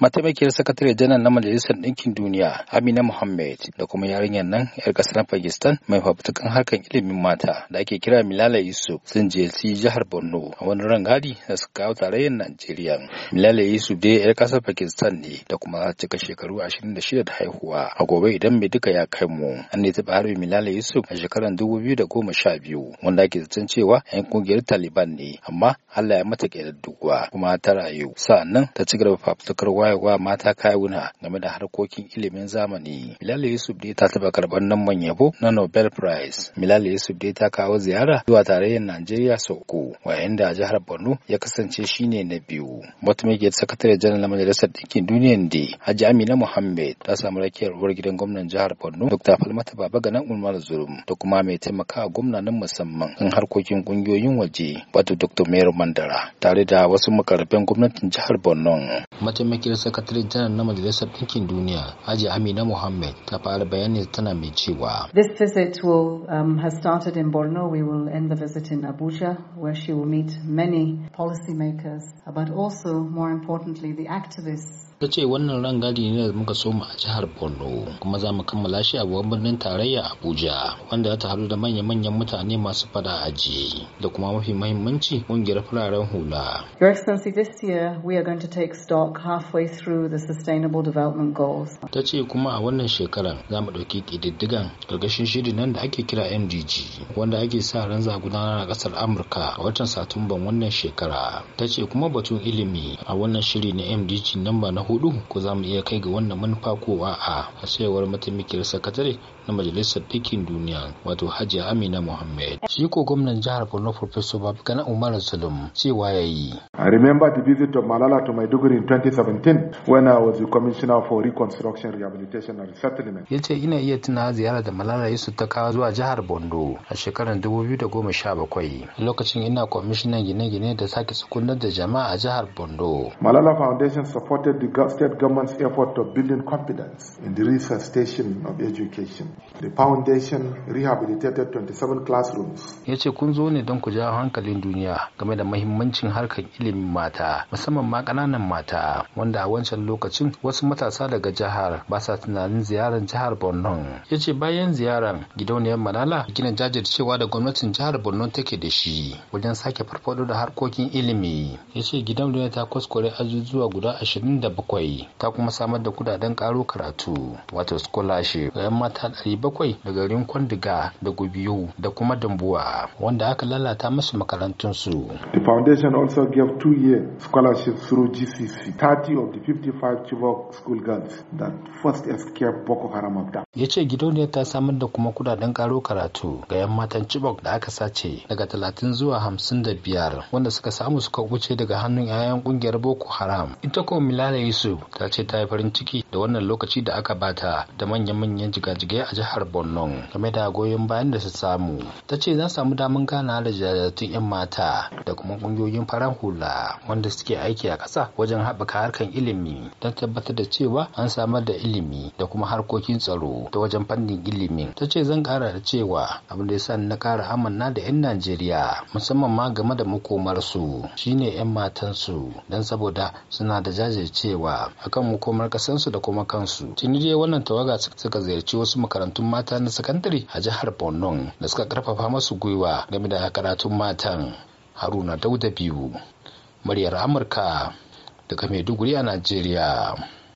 mataimakiyar sakatare janar na majalisar ɗinkin duniya amina muhammad da kuma yarinyar nan yar kasar pakistan mai fafutukan harkar ilimin mata da ake kira milala yusuf sun je jihar borno a wani rangadi da su kawo tarayyar najeriya milala yusuf dai yar kasar pakistan ne da kuma cika shekaru ashirin da shida da haihuwa a gobe idan mai duka ya kai mu an ne taɓa harbi milala yusuf a shekarar 2012 wanda ake zaton cewa 'yan kungiyar taliban ne amma allah ya mata ƙyar kuma ta rayu sa'annan ta ci gaba fafutukar wayewa mata kawuna game da harkokin ilimin zamani. Bilal Yusuf dai ta taba karɓar nan yabo na Nobel Prize. Bilal Yusuf dai ta kawo ziyara zuwa tarayyar Najeriya sau uku, wayan da jihar Borno ya kasance shine na biyu. yake sakatare janar na Majalisar Ɗinkin duniyan da Hajji Amina Muhammad ta samu rakiyar ruwar gidan gwamnan jihar Borno Dr. Falmata nan Umar Zurum da kuma mai taimakawa gwamna nan musamman kan harkokin kungiyoyin waje wato Dr. Meru Mandara tare da wasu makarafin gwamnatin jihar Borno. mataimakin janar na majalisar ɗinkin duniya Haji Amina ta fara tana mai cewa. This visit will um, has started in Borno. We will end the visit in Abuja where she will meet many policymakers but also more importantly the activists ta ce wannan rangadi ne da muka soma a jihar borno kuma za mu kammala shi a babban birnin tarayya abuja wanda za ta haɗu da manya-manyan mutane masu fada aji da kuma mafi mahimmanci ƙungiyar fararen hula your excellency this year we are going to take stock halfway through the sustainable development goals ta ce kuma a wannan shekarar za mu ɗauki ƙididdigan ƙarƙashin shirin nan da ake kira mdg wanda ake sa ran za gudanar a ƙasar amurka a watan satumban wannan shekara ta ce kuma batun ilimi a wannan shiri na mdg namba na hudu ko za mu iya kai ga wannan manufa kowa a cewar mataimakiyar sakatare na majalisar ɗinkin duniya wato hajiya amina muhammed shi ko gwamnan jihar borno professor babgana umar Salim, cewa ya yi I remember the visit of Malala to Maiduguri in 2017 when I was the commissioner for reconstruction, rehabilitation and resettlement. Ya ce ina iya tuna ziyarar da Malala Yusuf ta kawo zuwa jihar Bondo a shekarar 2017 lokacin ina kwamishinan gine-gine da sake sukunar da jama'a a jihar Bondo. Malala Foundation supported the state government's effort of building confidence in the resuscitation of education. The foundation rehabilitated 27 classrooms. Ya ce kun zo ne don ku jawo hankalin duniya game da mahimmancin harkar ilimin mata, musamman ma ƙananan mata, wanda a wancan lokacin wasu matasa daga jihar ba sa tunanin ziyarar jihar Borno. Ya ce bayan ziyarar gidauniyar Malala gina jajircewa da gwamnatin jihar Borno take da shi wajen sake farfado da harkokin ilimi. yace ce gidauniyar ta kwaskware azuzuwa guda 27 ta kuma samar da kudaden karo karatu wato scholarship ga 'yan mata ɗari bakwai da garin Kwandiga da Gubiyu da kuma Dambuwa wanda aka lalata musu makarantunsu. The foundation also gave two year scholarship through GCC 30 of the 55 Chibok school girls that first escaped Boko Haram of Ya ce gidauniyar ta samar da kuma kudaden karo karatu ga 'yan matan Chibok da aka sace daga 30 zuwa 55 wanda suka samu suka wuce daga hannun 'ya'yan kungiyar Boko Haram. Ita kuma Milala Yusuf ta ce ta yi farin ciki da wannan lokaci da aka bata da manya-manyan jigajigai a jihar borno game da goyon bayan da su samu ta ce zan samu damar gana da jajatun 'yan mata da kuma ƙungiyoyin farar hula wanda suke aiki a ƙasa wajen haɓaka harkan ilimi don tabbatar da cewa an samar da ilimi da kuma harkokin tsaro ta wajen fannin ilimin ta ce zan ƙara da cewa abin da ya sa na ƙara amanna da 'yan najeriya musamman ma game da makomarsu shine 'yan matansu don saboda suna da jajircewa akan makomar ƙasarsu da kuma kansu tuni dai wannan tawaga suka ziyarci wasu makarantu makarantun mata na sakandare a jihar borno da suka karfafa masu gwiwa game da karatun matan haruna dauda biyu muryar amurka daga maiduguri a najeriya